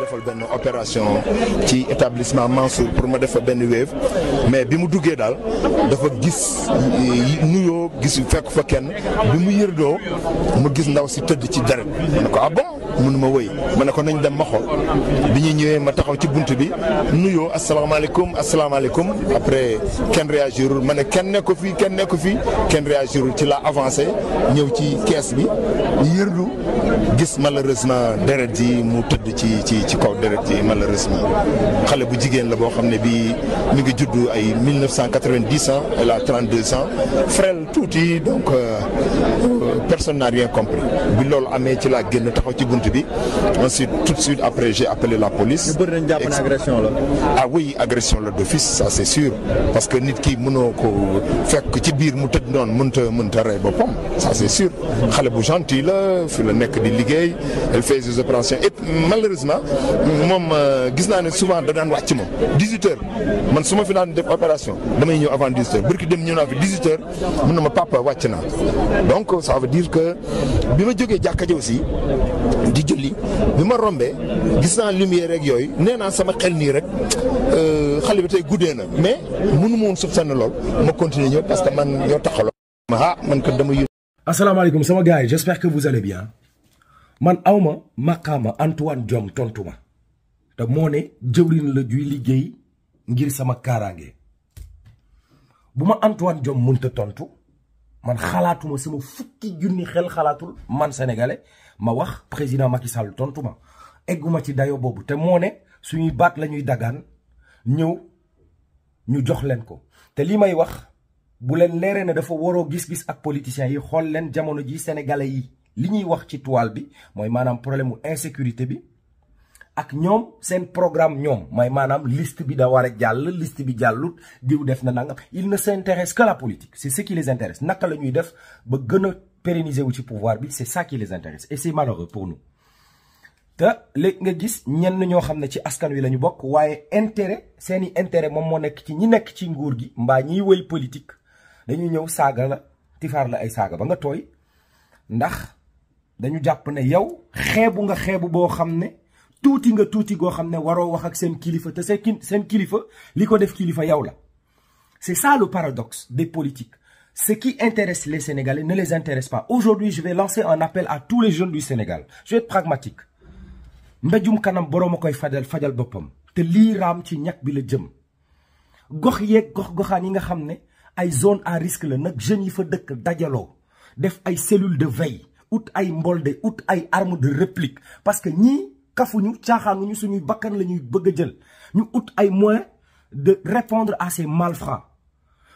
defal benn opération ci établissement Mansour pour ma def benn wéef mais bi mu duggee daal dafa gis nuyoo gis fekk fa kenn bi mu yërdoo mu gis ndaw si tëdd ci deret ko ah bon mënuma wëy ma ne ko nañ dem ma xool bi ñuy ñëwee ma taxaw ci bunt bi nuyoo asalaamaaleykum asalaamaaleykum après kenn réagirul ma ne kenn nekku fii kenn nekku fii kenn réagirul ci la avancé ñëw ci kees bi yërlu gis malheureusement deret ji mu tëdd ci ci ci kaw deret yi malheureusement xale bu jigéen la boo xam ne bi mu ngi juddu ay 1990 ans elle a 32 ans frêle tuuti donc euh, personne n'a rien compris bi loolu amee ci laa génn taxaw ci bunt bi ensuite tout de suite après j'ai appelé la police. ñu bëri nañ jàpp ne agression la. ah oui agression la d'office ça c'est parce que nit ki mënoo ko fekk ci biir mu tëdd noonu mënta mënta rey boppam ça c'est sûr. xale bu gentil la fi la nekk di liggéey elle fait des opérations et malheureusement moom euh, gis naa ne souvent da daan wàcc moom 18 heures man su ma fi naan def opération damay ñëw avant 18 heures barki dem ñëw naa fi na ma papa wàcc na dire que bi ma jógee jàkka ji aussi di julli bi ma rombee gis naa lumière rek yooyu nee naa sama xel nii rek euh, xale bi tey guddee na mais mënu ma woon soupçonner lool ma continuer ñëw parce que man ñoo taxaloo. ah man kat dama yónni. sama gars yi j'espère que vous man awma ma Antoine Diome tontu ma te moo ne jëwrin la juy liggéey ngir sama kaaraange bu ma Antoine Diome mënta tontu. man xalaatuma sama fukki junni xel xalaatul man sénégalais ma wax président Macky Sall tontu ma egguma ci dayo boobu te moo ne suñuy baat la ñuy dagaan ñëw ñu jox leen ko te li may wax bu leen leeree ne dafa waroo gis-gis ak politiciens yi xool leen jamono ji sénégalais yi li ñuy wax ci toile bi mooy maanaam problème mu insécurité bi ak ñoom seen programme ñoom mooy maanaam liste bi da war a jàll liste bi jàllut diw def na nangam il ne s'intéresse que la politique c'est ce qui les intéresse naka la ñuy def ba gën a pérenniser wu ci pouvoir bi c'est ça qui les intéresse et c'est malheureux pour nous te léegi nga gis ñenn ñoo xam ne ci askan wi la ñu bokk waaye intérêt seeni intérêt moom moo nekk ci ñi nekk ci nguur gi mbaa ñiy wëy politique dañuy ñëw saaga la tifaar la ay saaga ba nga tooy ndax dañu jàpp ne yow xeebu nga xeebu boo xam ne tuuti nga tuuti goo xam ne waroo wax ak seen kilifa te seen kilifa li ko def kilifa yow la c'est ça le paradoxe des politiques ce qui intéresse les Sénégalais ne les intéresse pas aujourd'hui je vais lancer un appel à tous les jeunes du Sénégal je vais pragmatique mbéjum kanam boroom a koy fajal fajal boppam te li raam ci ñàkk bi la jëm gox yeeg gox goxaan yi nga xam ne ay zone à risque la nag jeunes yi fa dëkk dajaloo def ay cellules de veille ut ay mbolde de réplique parce que ñii kafuñu caaxaanuñu suñuy bakkan la ñuy bëgg a jël ñu ut ay moyens de répondre à ces malfrats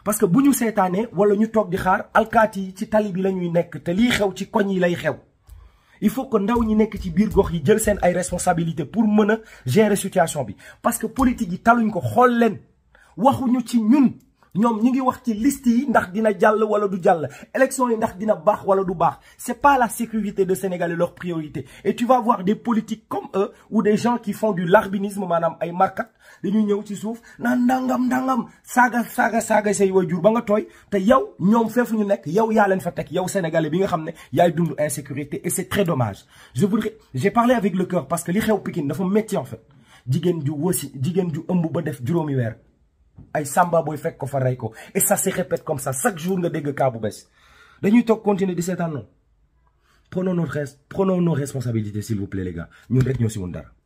parce que bu ñu seetaanee wala ñu toog di xaar alkaati yi ci tali bi la ñuy nekk te lii xew ci koñ yi lay xew il faut que ndaw ñi nekk ci biir gox yi jël seen ay responsabilités pour mën a gérer situation bi parce que politique yi taluñ ko xool leen waxuñu ci ñun ñoom ñi ngi wax ci liste yi ndax dina jàll wala du jàll élection yi ndax dina baax wala du baax c'est pas la sécurité de Sénégal et leur priorité et tu vas voir des politiques comme eux ou des gens qui font du larbinisme maanaam ay markat dañuy ñëw ci suuf naan ndangam ndangam saaga saaga saaga say waajur ba nga tooy te yow ñoom feefu ñu nekk yow yaa leen fa teg yow sénégalais bi nga xam ne yaay dund insécurité et c'est très dommage je voudrais j'ai parlé parce que li xew Pikine dafa métti en jigéen ju wasi jigéen ju ëmb ba def juróomi weer ay samba booy fekk ko fa rey ko et ça se répète comme ça chaque jour nga dégg cas bu bees dañuy toog continuer di seetaan noonu prenons nos prenons nos responsabilités s'il vous plaît les gars ñun ñoo si woon dara.